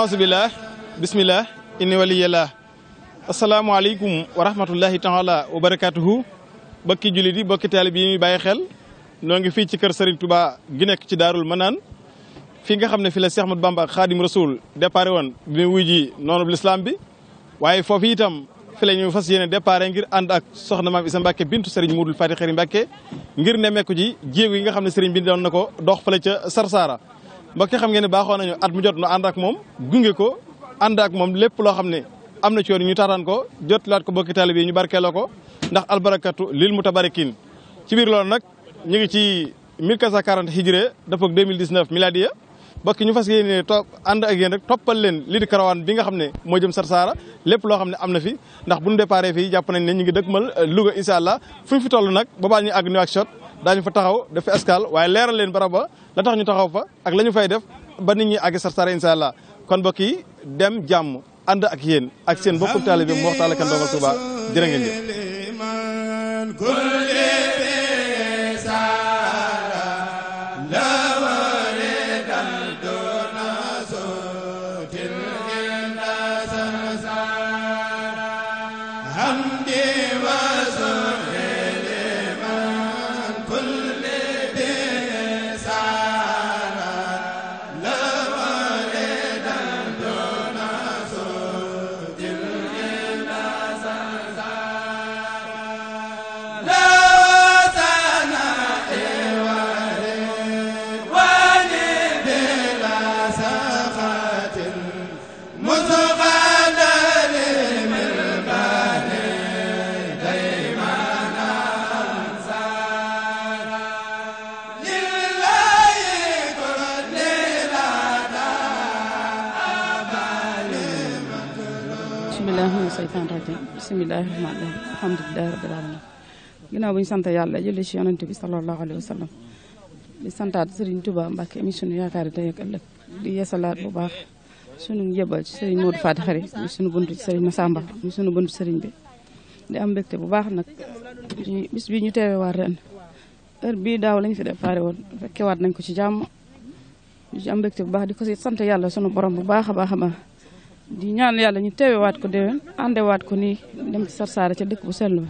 aousubillah bismillah inni waliyallah asalaamaaleykum wa rahmatullahi taala wa barakatuhu bokki jullit yi bokki taalib yi bàyyi xel noo ngi fii ci kër Serigne Touba gi nekk ci daarul manaan fii nga xam ne fi la Cheikh Ahmadou Bamba Khadim Rasoul déparé bi muy wuy ji noonu lislaam bi waaye foofu itam fi la ñu fas yéene déparé ngir ànd ak soxna maam Isa Mbàkke bintu Serigne Moudou Fati Xëri Mbàkke ngir nemmeeku ji jéego yi nga xam ne Serigne bi doon na ko dox fële ca Sarsara Mbacke xam ngeen ne baaxoo nañu at mu jot nu ànd moom gunge ko ànd ak moom lépp loo xam ne am na ci yoon ñu taataan ko jot laat ko bokki taalibe yi ñu barkeeloo ko ndax albarakatu lil mutabarikin ci biir loolu nag ñu ngi ci 1440 hijré dafa ak 2019 miladiya bokki ñu fas yéene topp ànd ak yéen rek toppal leen lii di karawaan bi nga xam ne moo jëm Sarsara lépp loo xam ne am na fi ndax bu ñu déparé fii jàpp nañ ne ñu ngi dëkkmal euh, Louga incha allah fu ñu toll nag boobaa ñu àgg daañu fa taxaw def fi waaye leeral leen barab ba la tax ñu taxaw fa ak la ñu fay def ba nit ñi àgg Sarsara incha allah kon mbokk yi dem jàmm ànd ak yéen ak seen bokku taalibe bi mu waxtaan ak Ndongal Touba jërë ngeen billahi mina seytaan rajim bisimilahi rahmaani rahim alhamdulilahi rabbil alamin ginnaaw bu ñu sant yàlla julli ci yonante bi sallallahu alayhi wa sallam di santaat Serigne Touba Mbacke émission yaakaari tey ak ëllëg di yeesalaat bu baax sunu njëbal ci Serigne Modou Fati Xari mi sunu buntu ci Serigne Massamba mi sunu buntu Serigne bi di am mbégte bu baax nag bis bi ñu teewewaat ren heure bii daaw lañ fi déparé woon fekkewaat nañ ko ci jàmm ñu ci am mbégte bu baax di ko si sant yàlla sunu borom bu baax a baax a baax di ñaan yàlla ñu waat ko déwén àndewaat ko nii dem ci Sarsara ca dëkk bu sell ba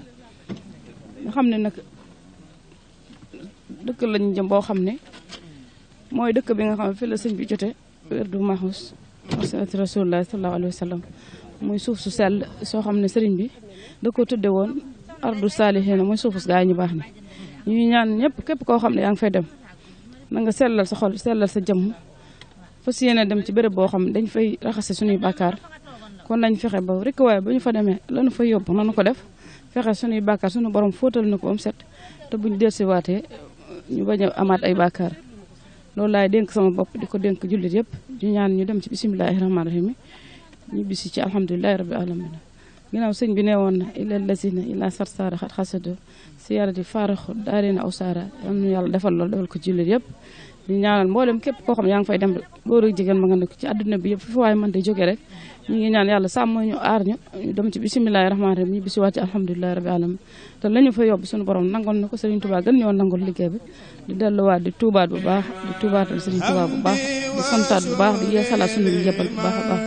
nga xam ne nag dëkk lañu jëm boo xam ne mooy dëkk bi nga xam ne fi la sëñ bi jote werdu Mahous salatu rasulullah sallallahu alayhi wa sallam muy suuf su sell soo xam ne sëriñ bi da ko tudde woon ardu saalihiina muy suufus gaa ñu baax na ñu ñaan ñëpp képp koo xam ne yaa ngi fay dem na nga sellal sa xol sellal sa jëmm fas yéene dem ci béréb boo xam dañ fay raxase suñuy bàkkaar kon nañ fexe ba rek waaye ba ñu fa demee la lanu fa yóbbu nanu ko def fexe suñuy bàkkaar sunu borom fóotal nu ko am set te buñ delsiwaatee ñu bañ a amaat ay bàkkaar loolu laay denk sama bopp di ko denk jullit yëpp di ñaan ñu dem ci bisimilahi rahmaani rahim ñu bisi ci alhamdulilahi rabbil alamin ginnaaw sëñ bi nee woon na illa lasina illa sarsaara xat xasado si yàlla di faaraxu daarina aw saara yàlla defal loolu defal ko jullit yëpp ñu ñaanal mboolem képp koo xam fay dem góor ak jigéen ma nga nekk ci àdduna bi yëpp fu waaye mën di jóge rek ñu ñaan yàlla sàmm ñu aar ñu ñu dem ci bisimilahi rahmaani rahim ñu bisiwaat ci alhamdulilahi rabi alamin te la ñu fa yóbbu suñu borom nangol na ko Serigne Touba gën ñoo nangol liggéey bi di delluwaat di tuubaat bu baax di tuubaatal Serigne Touba bu baax di santaat bu baax di yeesalaat suñu njëbbal bu baax a baax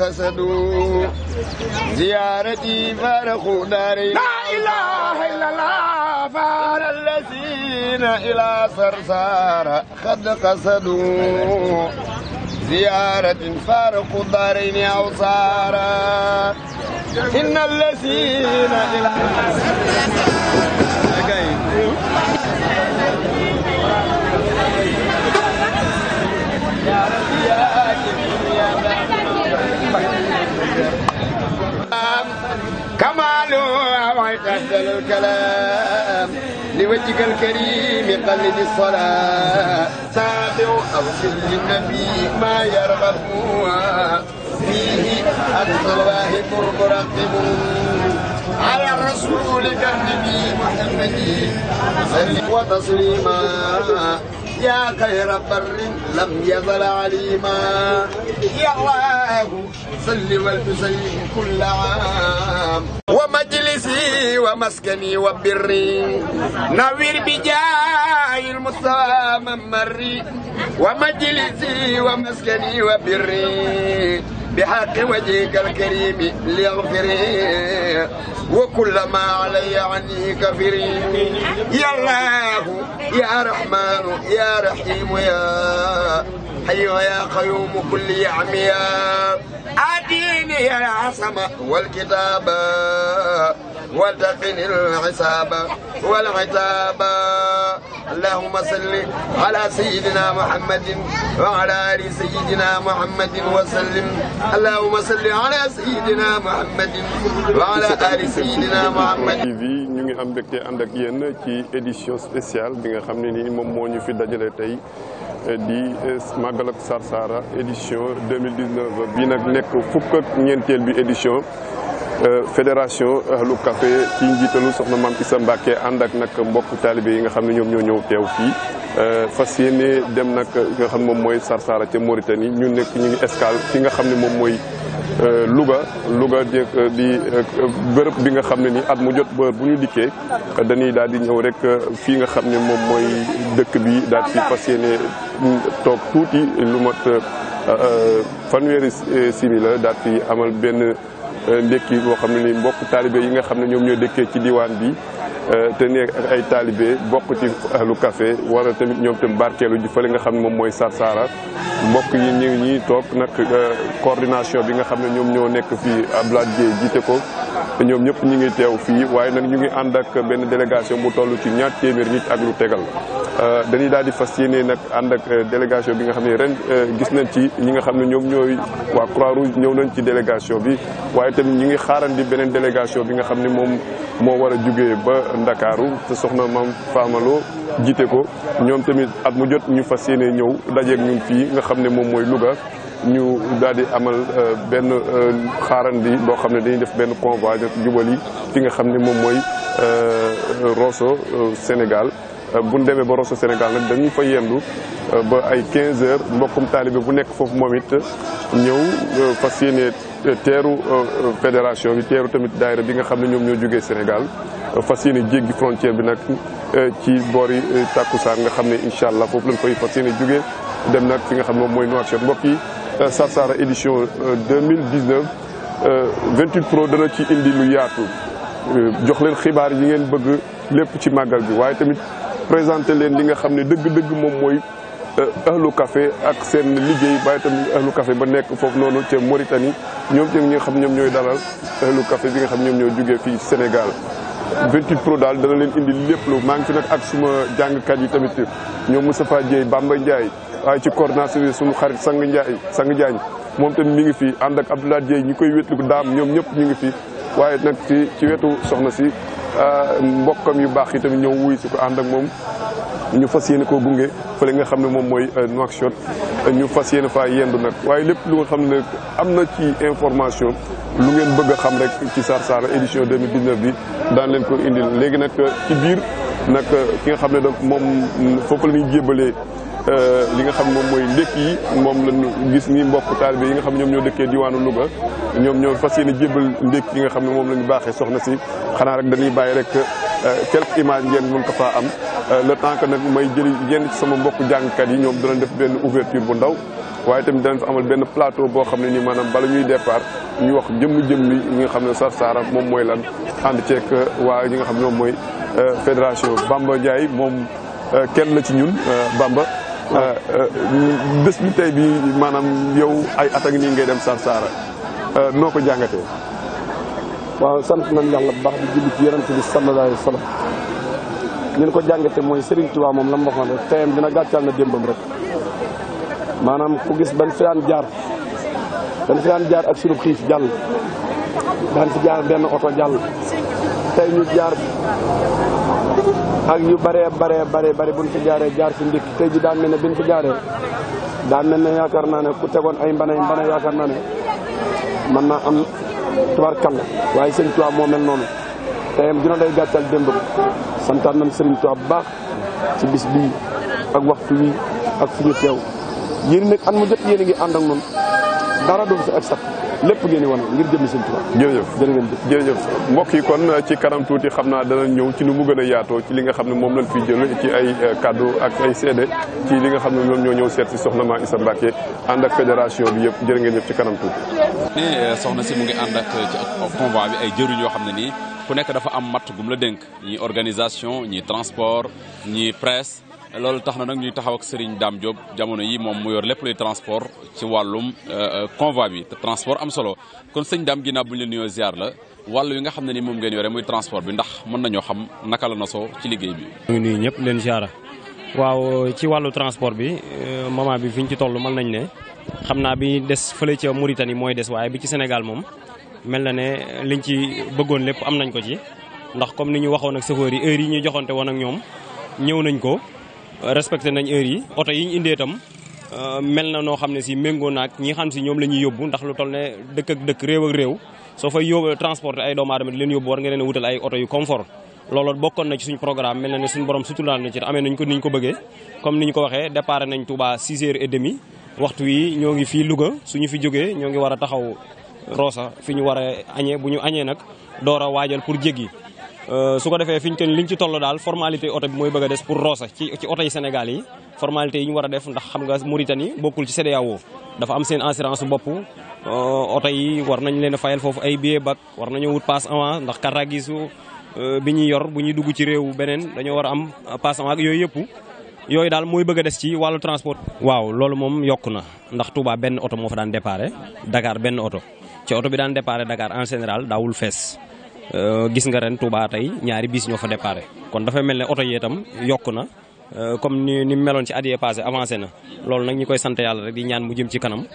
حسد زيارتي فارق داري لا إله إلا الله فار الذين إلى صرصار قد قصدوا زيارة فارق الدارين أوصارا إن الذين إلى Yeah. تعالوا ويتأذل الكلام لوجهك الكريم قلد الصلاة سابع أوصل للنبي ما يرغب فيه أدخل الله قرب رقب على الرسول كالنبي محمد وتسليما يا خير بر لم يزل عليما يا الله صل وسلم كل عام ومجلسي ومسكني وبري نوير بجاه المصطفى مري ومجلسي ومسكني وبري بحق وجهك الكريم ليغفري وكل ما علي عني كفري يا الله يا رحمن يا رحيم يا حي يا قيوم كل يعميا أديني يا عصمة والكتاب وتقن الحساب والعتاب اللهم صل على سيدنا محمد وعلى آل سيدنا محمد وسلم اللهم صل على سيدنا محمد وعلى آل سيدنا محمد TV ñu ngi am mbégte ànd ak yéen ci édition spéciale bi nga xam ne nii moom moo ñu fi dajale tey di màggal ak Sarsara édition 2019 bii nag nekk fukk ak ñeenteel bi édition euh, fédération Ahlou Café ci njiitalu soxna maam Issa Mbacké ànd ak nag mbokk taalibe yi nga xam ne ñoom ñoo ñëw teew fii Euh, fas yéene dem nag nga xam moom mooy Sarsara ca Mauritanie ñu nekk ñu ngi escale fi nga xam ne moom mooy euh, Louga Louga di euh, di bërëb bi nga xam ne ni at mu jot bër bu ñu dikkee dañuy daal di ñëw rek fii nga xam ne moom mooy dëkk bi daal fi fas yéene mm, toog tuuti lu mat fanweeri simila daal fi amal benn ndekki boo xam ne ni mbokk taalibe yi nga xam ne ñoom ñoo dëkkee ci diwaan bi Euh, te nekk ay taalibe bokk ci ahlu café war a tamit ñoom tam barkeelu ji fële nga xam ne moom mooy Sarsara mbokk yi ñu ngi ñuy toog nag euh, coordination bi nga xam ne ñoom ñoo nekk fii Abdoulaye Dieye ko ñoom ñëpp ñu ngi teew fii waaye nag ñu ngi ànd ak benn délégation bu toll ci ñaar téeméer nit ak lu tegal euh, dañuy daal di fas yéene nag ànd ak délégation bi nga xam ne ren gis nañ ci ñi nga xam ne ñoom ñooy waa Croix-Rouge ñëw nañ ci délégation bi waaye tamit ñu ngi xaarandi beneen délégation bi nga xam ne moom moo war a jugee ba ndakaaru te soxna maam faamaloo jiite ko ñoom tamit at mu jot ñu fas yéene ñëw dajeeg ñun fii nga xam ne moom mooy Louga ñu daal di amal euh, benn euh, xaarandi boo xam ne dañuy def benn convoi de jubali fi nga xam ne moom mooy euh, Rosso Sénégal bu demee ba Rosso Sénégal nag dañu fa yendu ba ay 15 heures mbokkum taalibe bu nekk foofu moom it ñëw fas yéene teeru fédération bi teeru tamit daayira bi nga xam ne ñoom ñoo jógee Sénégal fas yéene jéggi frontière bi nag euh, ci boori euh, takkusaan nga xam ne incha allah foofu lañ koy fas yéene dem nag fi nga xam ne moom mooy Nouakchott mbokk yi euh, Sarsara édition 2019 28 pro dana ci indi lu yaatu jox leen xibaar yi ngeen bëgg lépp ci màggal bi waaye tamit présenté leen li nga xam ne dëgg-dëgg moom mooy ahlu kafe ak seen liggéey baay tamit ahlu kafe ba nekk foofu noonu ca Mauritanie ñoom tamit nga xam ñoom ñooy dalal ahlu café bi nga xam ñoom ñoo jógee fii Sénégal Vertu Pro daal dana leen indi lépp lu maa ngi fi nag ak suma jàngkat yi tamit ñoom Moustapha Dieye Bamba Ndiaye waaye ci coordination bi suñu xarit Sang Ndiaye Sang Diagne moom tamit mi ngi fi ànd ak Abdoulaye Dieye ñu koy wétliku daam ñoom ñëpp ñu ngi fi waaye nag ci ci wetu soxna si ah, mbokkam yu baax yi tamit ñëw wuy si ko ànd ak moom ñu fas yéene koo gunge fële nga xam ne moom mooy euh, Nouakchott ñu fas yéene faa yendu nag waaye lépp lu nga xam ne am na ci information lu ngeen bëgg a xam rek ci Sarsara édition 2019 bi daan leen ko indil léegi nag euh, ci biir nag euh, ki nga xam ne donc moom mm, foofu la ñuy jébalee euh, li nga xam moom mooy ndékki yi moom lañu gis ni mbokk taalibe yi nga xam ñoom ñoo dëkkee diwaanu Louga ñoom ñoo fas yéene jébal ndékki yi nga xam ne moom la ñu baaxee soxna si xanaa rek dañuy bàyyi rek quelques images ngeen mën ko faa am le temps que nag may jëli yenn ci sama mbokk jàngkat yi ñoom dana def benn ouverture bu ndaw waaye tamit danañ fa amal benn plateau boo xam ne nii maanaam bala ñuy départ ñu wax jëmm-jëmm yi nga xam ne Sarsara moom mooy lan ànd ceeg euh, waa ñi nga xam ne moom mooy euh, fédération Bamba Ndiaye moom euh, kenn ci ñun Bamba bés bi maanaam yow ay at ak nii ngay dem Sarsara noo ko jàngatee waaw sant nañ yàlla bu baax di julli ci yonent bi sallallahu alayhi ko jàngate mooy Serigne Touba moom la mu waxoon rek teyam dina gàccal na démbam rek maanaam ku gis ban fi daan jaar ban fi daan jaar ak sunu xiif jàll daan fi jaar benn oto jàll tey ñu jaar ak yu bare bare bare bare buñ fi jaaree jaar fi ndik tey ji daan mel ne buñ fi jaaree daan mel ne yaakaar ne ku tegoon ay mbanay mbanay yaakaar naa ne mën naa am tubarkalla waaye sëñ Tuubaa moo mel noonu teyam dina day gàttal démb santaan nañ sëriñ Tuubaa bu baax ci bis bii ak waxtu wi ak fi ñu teew yéen nag an mu jot yéen du fi lépp ngeen di wane ngir jëmi seen tubaab. jërëjëf jërëjëf mbokk yi kon ci kanam tuuti xam naa dana ñëw ci nu mu gën a yaatoo ci li nga xam ne moom lañ fiy jël ci ay euh, kaddu ak ay seede ci li nga xam ne ñoom ñoo ñëw seet si soxna Maam Issa Mbacké ànd ak fédération bi yëpp jërë ngeen jëf ci kanam tuuti. ne euh, soxna si mu ngi ànd ak euh, ci bi ay jëriñ yoo xam ne nii ku nekk dafa am matt gum la dénk ñi organisation ñi transport ñi presse loolu tax na nag ñuy taxaw ak Serigne Dame Diop jamono yi moom mu yor lépp luy transport ci wàllum euh, euh, convoi bi te transport am solo kon sëñ Dame ginnaaw bu ñu leen nuyoo ziar la wàll wi nga xam ne ni moom ngeen yore muy transport bi ndax mën nañoo xam naka la nasoo ci liggéey bi. ñu ngi nuyu ñëpp leen ziara waaw ci wàllu transport bi euh, moment bi fi ci toll mën nañ ne xam naa bi des fële ca Mauritanie mooy des waaye bi ci Sénégal moom mel na ne li liñ ci bëggoon lépp am nañ ko ci ndax comme ni ñu waxoon ak chauffeur yi heure yi ñuy joxante woon ak ñoom ñëw nañ ko. respecté nañ heure yi oto yi ñu indee itam euh, mel na noo xam ne si méngoo naag ñi xam si ñoom la ñuy yóbbu ndax lu toll ne dëkk ak dëkk réew ak réew soo fay yóbbu transporté ay doomu aadama di leen yóbbu war nga leen wutal ay oto yu confort loolu bokkoon na ci suñ programme mel na ne suñ borom sutural na ci amee nañ ko niñ ko bëggee comme ni ñu ko waxee départ nañ Touba 6 heures et demi waxtu wi ñoo ngi fii Louga suñu fi jógee ñoo ngi war a taxaw Rosa fi ñu war a añee bu ñu añee nag door a waajal pour jéggi Euh, su ko defee fi ñu toll li ñu ci toll daal formalité oto bi mooy bëgg a des pour roose ci ci oto yi Sénégal yi formalité yi ñu war a def ndax xam nga Mauritanie bokkul ci CEDEAO dafa am seen assurance bopp euh, oto yi war nañ leen a fayal foofu ay billet bac war nañoo wut passe avant ndax karragisu euh, bi ñuy yor bu ñuy dugg ci réew beneen dañoo war a am passe avant ak yooyu yëpp yooyu daal mooy bëgg a des ci wàllu transport. waaw loolu moom yokk na ndax Touba benn oto moo fa daan déparé Dakar benn oto oto bi daan déparé Dakar en général daawul fees. Euh, gis nga ren Touba tey ñaari bis ñoo fa déparé kon dafa mel ne oto yi itam yokk na euh, comme ni meloon ci at yii avancé na loolu nag ñi koy sant yàlla rek di ñaan mu ci kanam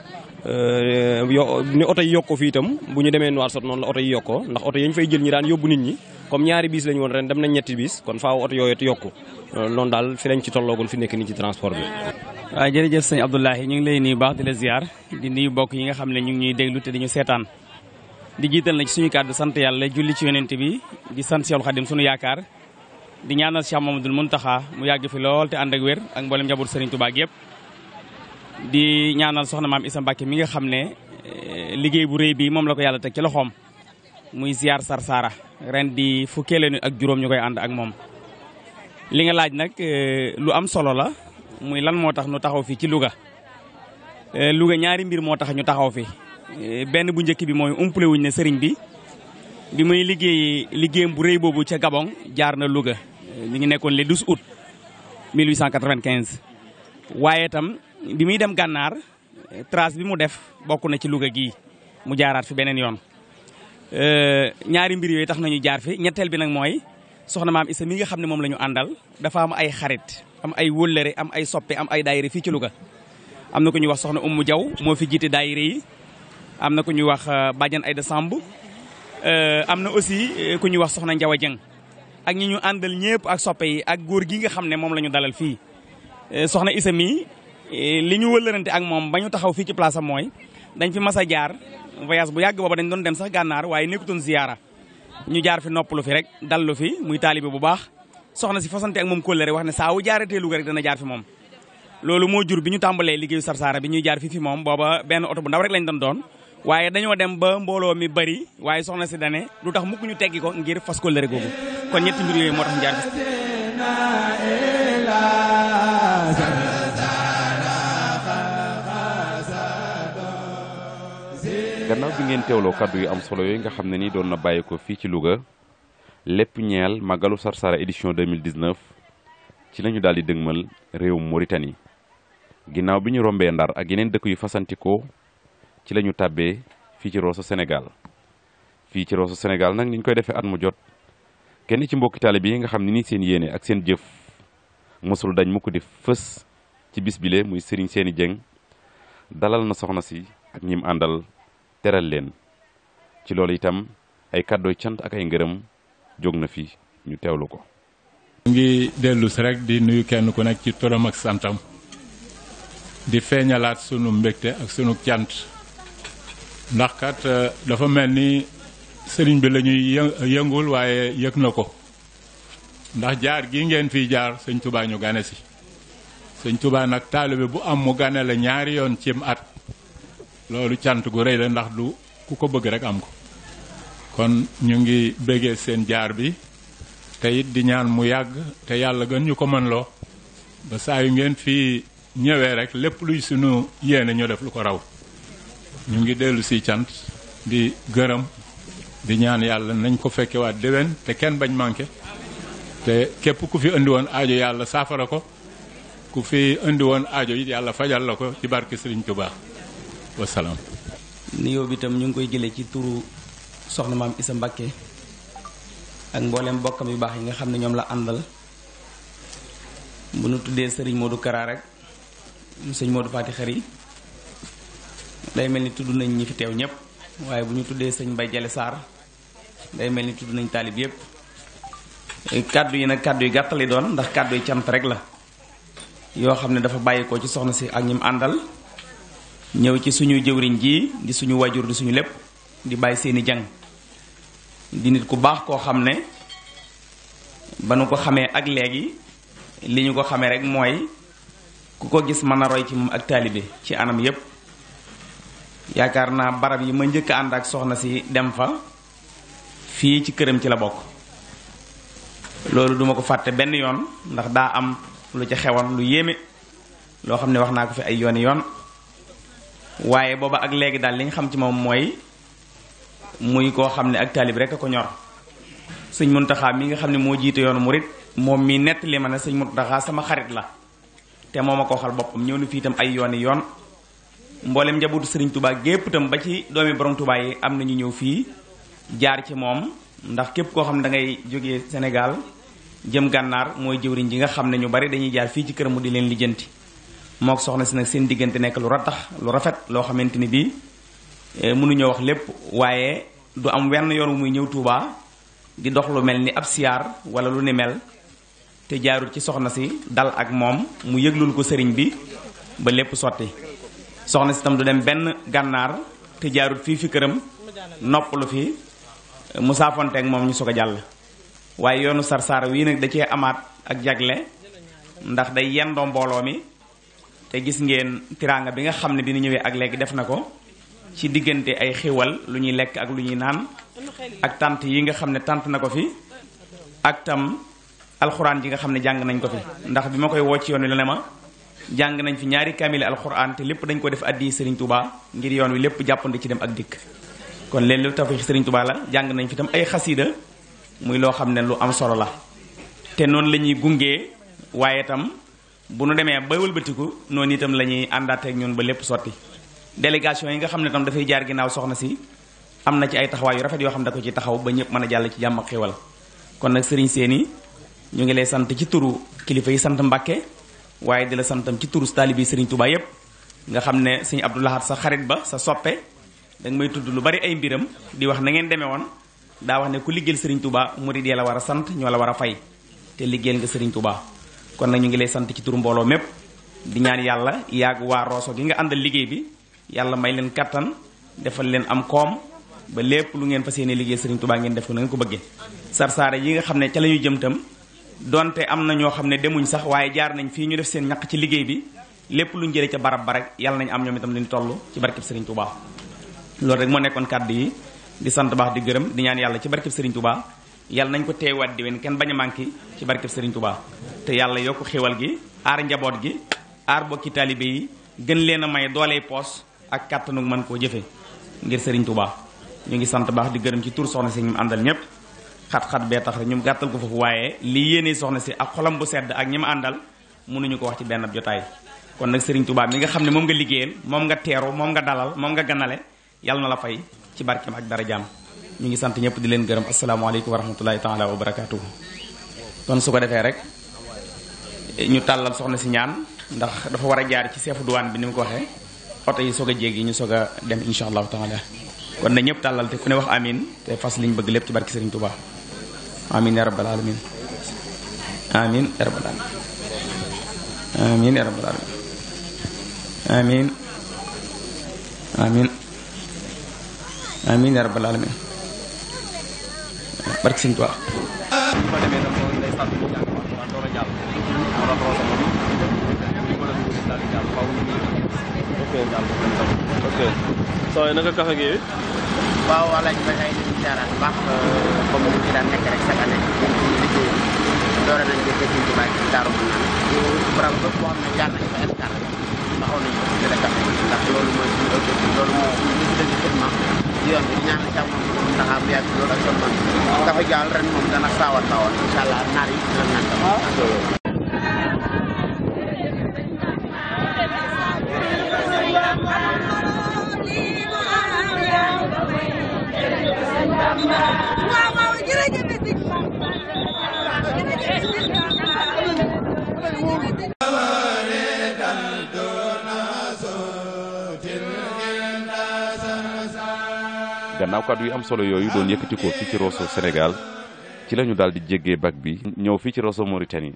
euh, ni oto yi yokkoo ndax oto yi ñu fay jël ñi daan yóbbu nit ñi comme ñaari bis lañu woon ren dem nañ ñetti bis kon faaw oto yooyu yokku noonu daal fi lañ ci tolloogul fi nekk nii ci transport bi. waaw jërëjëf sëñ Abdoulaye ñu ngi baax di la di nuyu mbokk yi di jiital na ci suñu kàddu sant yàlla julli ci yonent bi di sant Seexul Xadim suñu yaakaar di ñaanal Cheikh Mamadul Muntaxa mu yàgg fi lool te ànd ak wér ak mboolem njaboot Sëriñ Tuubaa yëpp di ñaanal soxna maam Isa Mbàkke mi nga xam ne eh, liggéey bu rëy bi moom la ko yàlla teg ci loxoom muy ziar Sarsara ren di fukkeelu ak juróom ñu koy ànd ak moom li nga laaj nag eh, lu am solo la muy lan moo tax ñu taxaw fi ci Louga eh, Louga ñaari mbir moo tax ñu taxaw fi Eh, benn bu njëkk bi mooy umpule wuñ ne sëriñ bi bi muy liggéey liggéeyam bu rëy boobu ca Gabon jaar na Louga mi eh, ngi nekkoon le 12 août 1895 waaye tam bi muy dem gànnaar eh, trace bi mu def bokk na ci Louga gi mu jaaraat fi beneen yoon ñaari mbir yooyu tax nañu jaar fi ñetteel bi nag mooy soxna maam Issa mi nga xam ne moom la ñu àndal dafa am ay xarit am ay wóllëre am ay soppe am ay daayire fii ci Louga am na ko ñuy wax soxna Umu Jaw moo fi jiite daayire yi am na ku ñuy wax euh, ay de Samb euh, am na aussi euh, ku ñu wax Soxna Njawa Jeng ak ñi ñu àndal ñëpp ak soppe yi ak góor gi nga xam ne moom la ñu dalal fii soxna Isa mii li ñu wëlërante ak moom ba taxaw fii ci place mooy dañ fi mas a jaar voyage bu yàgg booba dañ doon dem sax gànnaar waaye nekkutoon ziyaara ñu jaar fi noppalu fi rek dallu fi muy taalibe bu baax soxna si fasante ak moom kóllëre wax ne saa wu jaaratee Louga rek dana jaar fi moom loolu moo jur bi ñu tàmbalee liggéeyu Sarsara bi ñuy jaar fi fi moom booba benn oto bu ndaw rek lañ doon doon waaye dañoo dem ba mbooloo mi bari waaye soxna si dane lu tax mukk ñu teggi ko ngir fas ko lëre googu kon ñetti mbir yooyu moo tax njaar gannaaw bi ngeen teewloo kàddu yu am solo yooyu nga xam ne ni doon na bàyyi ko fii ci Louga lépp ñeel màggalu Sarsara édition 2019 ci lañu daal di dëgmal réewum Mauritanie ginnaaw bi ñu rombee Ndar ak yeneen dëkk yu fasantikoo ci la ñu tàbbee fii ci Rosso Sénégal fii ci Rosso Sénégal nag niñ koy defee at mu jot kenn ci mbokki taalibe yi nga xam ne nii seen yéene ak seen jëf mosul dañ mu ko di fës ci bis bile muy Serigne seeni Dieng dalal na soxna si ak ñim àndal teral leen ci loolu itam ay kàddooy cant ak ay ngërëm jóg na fi ñu teewlu ko. ñu ngi dellu si di nuyu kenn ku nekk ci turam ak santam di feeñalaat sunu mbégte ak sunu cant. ndax kat euh, dafa mel ni sëriñ bi lañuy ñuy yëngul waaye yëg na ko ndax jaar gi ngeen fiy jaar sëñ tubaa ñu gane si sëñ tubaa nag taalibe bu am mu gane la ñaari yoon cim at loolu cant gu rëy la ndax du ku ko bëgg rek am ko kon ñu ngi bëggee seen jaar bi te it di ñaan mu yàgg te yàlla gën ñu ko mën loo ba saa yu ngeen fii ñëwee rek lépp luy suñu yéene ñu def lu ko raw ñu ngi dellusi cant di gërëm di ñaan yàlla nañ ko fekkewaat déwén te kenn bañ manqué te képp ku fi indi woon aajo yàlla saafara ko ku fi indi woon aajo it yàlla fajal la ko ci barke Sëriñ baax wasalaam nuyoo bi itam ñu ngi koy jëlee ci turu soxna maam Isa Mbàkke ak mbooleem bokkam yu baax yi nga xam ne ñoom la àndal bu nu tuddee sëriñ Modou Kara rek sëñ Modou Fati Xari day mel ni tudd nañ ñi fi teew ñëpp waaye bu ñu tuddee sëñ bay jale saar day mel ni tudd nañ taalib yëpp kàddu yi nag kàddu yi gàttali doon ndax kàddu yi cant rek la yoo xam ne dafa bàyyikoo ci soxna si ak ñim àndal ñëw ci suñu jëwriñ ji di suñu wajur di suñu lépp di bàyyi seeni jàng di nit ku baax koo xam ne ba nu ko xamee ak léegi li ñu ko xamee rek mooy ku ko gis mën a roy ci moom ak taalibe ci anam yépp yaakaar naa barab yi ma njëkk ànd ak soxna si dem fa fii ci këram ci la bokk loolu duma ko fàtte benn yoon ndax daa am lu ca xewoon lu yéeme loo xam ne wax naa ko fi ay yooni yoon waaye booba ak léegi daal li ñu xam ci moom mooy muy koo xam ne ak taalib rek a ko ñor sëñ Muntaxa mi nga xam ne moo jiite yoonu murit moom mi nett li ma ne sëñ Muntaxa sama xarit la te moom a ko xal boppam ñëw na fii itam ay yooni yoon mbooleem njabootu Serigne Touba gépp tam ba ci doomi borom Touba yi am na ñu ñëw fii jaar ci moom ndax képp koo xam ne da ngay jógee Sénégal jëm gànnaar mooy jëwriñ ji nga xam ne ñu bari dañuy jaar fii ci kër mu di leen lijjanti moo soxna si nag seen diggante nekk lu ratax lu rafet loo xamante ni bii eh, mënuñoo wax lépp waaye du am wenn yoon wu muy ñëw Touba di dox lu mel ni ab siyaar wala lu ni mel te jaarul ci soxna si dal ak moom mu yëglul ko sëriñ bi ba lépp sotti soxna si tam du dem benn gànnaar te jaarut fii fi këram noppalu fi mu saafonteeg moom ñu soog a jàll waaye yoonu sarsaara wii nag da cee amaat ak jagle ndax day yendoo mbooloo mi te gis ngeen tiraanga bi nga xam ne bi ñu ñëwee ak léegi def na ko ci diggante ay xiwal lu ñuy lekk ak lu ñuy naan ak tant yi nga xam ne tànt na ko fi ak tam alxuraan ji nga xam ne jàng nañ ko fi ndax bi ma koy woo yoon wi la ne ma jàng nañ fi ñaari kaamil alxuraan te lépp dañ ko def addi Serigne Touba ngir yoon wi lépp jàppandi ci dem ak dikk kon leen lu tawfeex Serigne Touba la jàng nañ fi tam ay xasiida muy loo xam ne lu am solo la te noonu la ñuy gungee waaye tam bu nu demee ba wëlbatiku noonu itam la ñuy àndaatee ak ñun ba lépp sotti délégation yi nga xam ne tam dafay jaar ginnaaw soxna si am na ci ay taxawaay yu rafet yoo xam ne da ko ci taxaw ba ñëpp mën a jàll ci jàmm ak xéwal kon nag Serigne Séni ñu ngi lay sant ci turu sant Mbàkke waaye di la santam ci turu taalibi Serigne Touba yépp nga xam ne sëñ Abdou laxaat sa xarit ba sa soppe danga may tudd lu bari ay mbiram di wax na ngeen demee woon daa wax ne ku liggéeyal Serigne Touba di yi la war a sant ñoo la war a fay te liggéeyal nga Serigne Touba kon nag ñu ngi lay sant ci turu mbooloo mépp di ñaan yàlla yàgg waa Rosso gi nga àndal liggéey bi yàlla may leen kattan defal leen am koom ba lépp lu ngeen fas yéene liggéey Serigne Touba ngeen def ko ko bëggee. donte am na ñoo xam ne demuñ sax waaye jaar nañ fii ñu def seen ñaq ci liggéey bi lépp lu jëlee ca barab ba rek yàlla nañ am ñoom itam luñ tollu ci barkeb Serigne Touba loolu rek moo nekkoon kàddu yi di sant baax di gërëm di ñaan yàlla ci barkeb Serigne Touba yàlla nañ ko teewaat di wen kenn bañ a manqué ci barkeb Serigne Touba te yàlla yokk xéwal gi aar njaboot gi aar bokki taalibe yi gën leen a may doolee poos ak kàttanu mën koo jëfe ngir Serigne Touba ñu ngi sant baax di gërëm ci tur soxna si ñu ñëpp xat-xat bee tax ñu gàttal ko foofu waaye li yéene soxna si ak xolam bu sedd ak ñi ma àndal mënuñu ko wax ci benn jotaay kon nag Serigne Touba mi nga xam ne moom nga liggéeyal moom nga teeru moom nga dalal moom nga ganale yàlla na la fay ci barkeem ak dara jaam ñu ngi sant ñëpp di leen gërëm asalaamaaleykum wa rahmatulahi taala wa barakaatuhu kon su ko defee rek ñu tàllal soxna si ñaan ndax dafa war a jaar ci seefu duwaan bi ni mu ko waxee oto yi soog a jéggi ñu soog a dem incha allahu taala kon na ñëpp tàllal te ku ne wax amin te fas liñ bëgg lépp ci barke Serigne Touba amin ya rabbal alamin amin ya rabbal alamin amin ya rabbal alamin amin amin amin ya rabbal alamin barke Sëñ Tuubaa ok sooy naka kafe gi waaw alaaj ba siyaaraat bu baax euh, comme ni ci daan nekk rek chaque année ñun suñu liggéey doore nañ ko Sëriñ Tuubaa ci Daaru Manaan borom bépp boo xam ne jaar nañ fa escale taxaw nañ ko ci rek ndax loolu mooy suñu objectif loolu mooy suñu dëgg-dëgg seulement di yoon bi di ñaan la càmm ndax bu yàgg loolu ak seulement dafa jaal ren moom dana saawa saawa incha allah naar yi dina naan gannaaw kàddu yu am solo yooyu doon yëkkati ko fii ci Rosso Sénégal ci la ñu daal di jéggee bac bi ñëw fii ci Rosso Mauritanie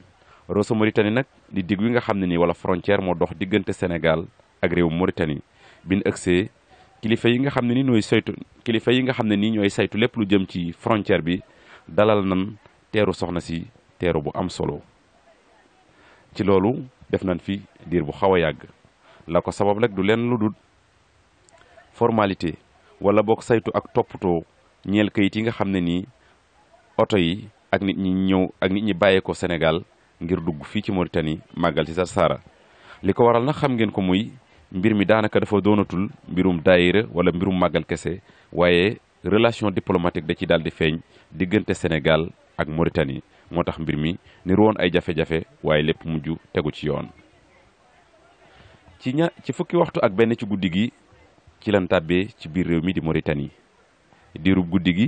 Rosso Mauritanie nag di digg wi nga xam ne nii wala frontière moo dox diggante Sénégal ak réew Mauritanie bi ñu ëgsee kilifa yi nga xam ne ni ñooy saytu kilifa yi nga xam ne nii ñooy saytu lépp lu jëm ci frontière bi dalal nan teeru soxna si teeru bu am solo ci loolu def nañ fi diir bu xaw a yàgg la ko sabab rek du leen lu dul formalité wala boog saytu ak toppatoo ñeel kayit yi nga xam ne nii oto yi ak nit ñi ñëw ak nit ñi bàyyeekoo Sénégal ngir dugg fii ci Mauritanie màggal ci Sarsara li ko waral nag xam ngeen ko muy mbir mi daanaka dafa doonatul mbirum daayira wala mbirum màggal kese waaye relation diplomatique da ci daal di feeñ diggante Sénégal ak Mauritanie moo tax mbir mi nir woon ay jafe-jafe waaye lépp mujj tegu ci yoon. ci ci fukki waxtu ak benn ci guddi gi ci lan tàbbee ci biir réew mi di Mauritanie diirub guddi gi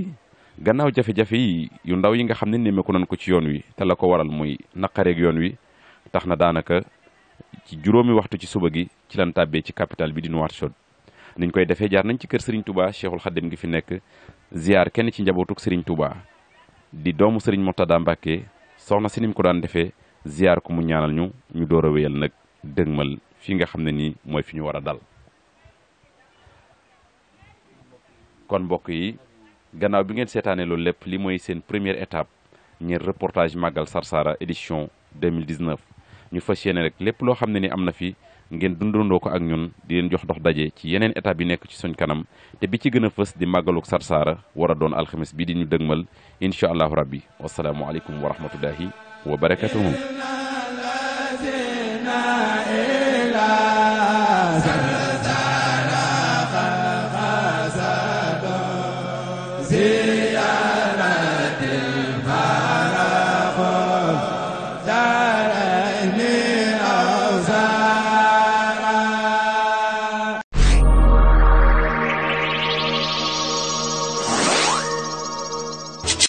gannaaw jafe-jafe yi yu ndaw yi nga xam ne nemmeeku nañ ko ci yoon wi te la ko waral mooy naqareeg yoon wi tax na daanaka ci juróomi waxtu ci suba gi ci lan tàbbee ci capital bi di Nouakchott niñ koy defee jaar nañ ci kër Serigne Touba Cheikhul Khadim gi fi nekk ziar kenn ci njabootuk Serigne Touba di doomu Serigne Mourtada Mbacké soxna si ni ko daan defee ziar ko mu ñaanal ñu ñu door a wéyal nag fii nga xam ne nii mooy fi ñu war a dal. kon mbokk yi gannaaw bi ngeen seetaanee loolu lépp li mooy seen première étape ñeer reportage màggal Sarsara édition 2019 ñu fas yéene rek lépp loo xam ne ni am na fi ngeen dundandoo ko ak ñun di leen jox dox daje ci yeneen étape yi nekk ci suñ kanam te bi ci gën a fës di màggaluk Sarsara war a doon alxames bi di ñu dëgmal incha allahu rabbi wasalaamualeykum wa rahmatullahi wa barakatuhu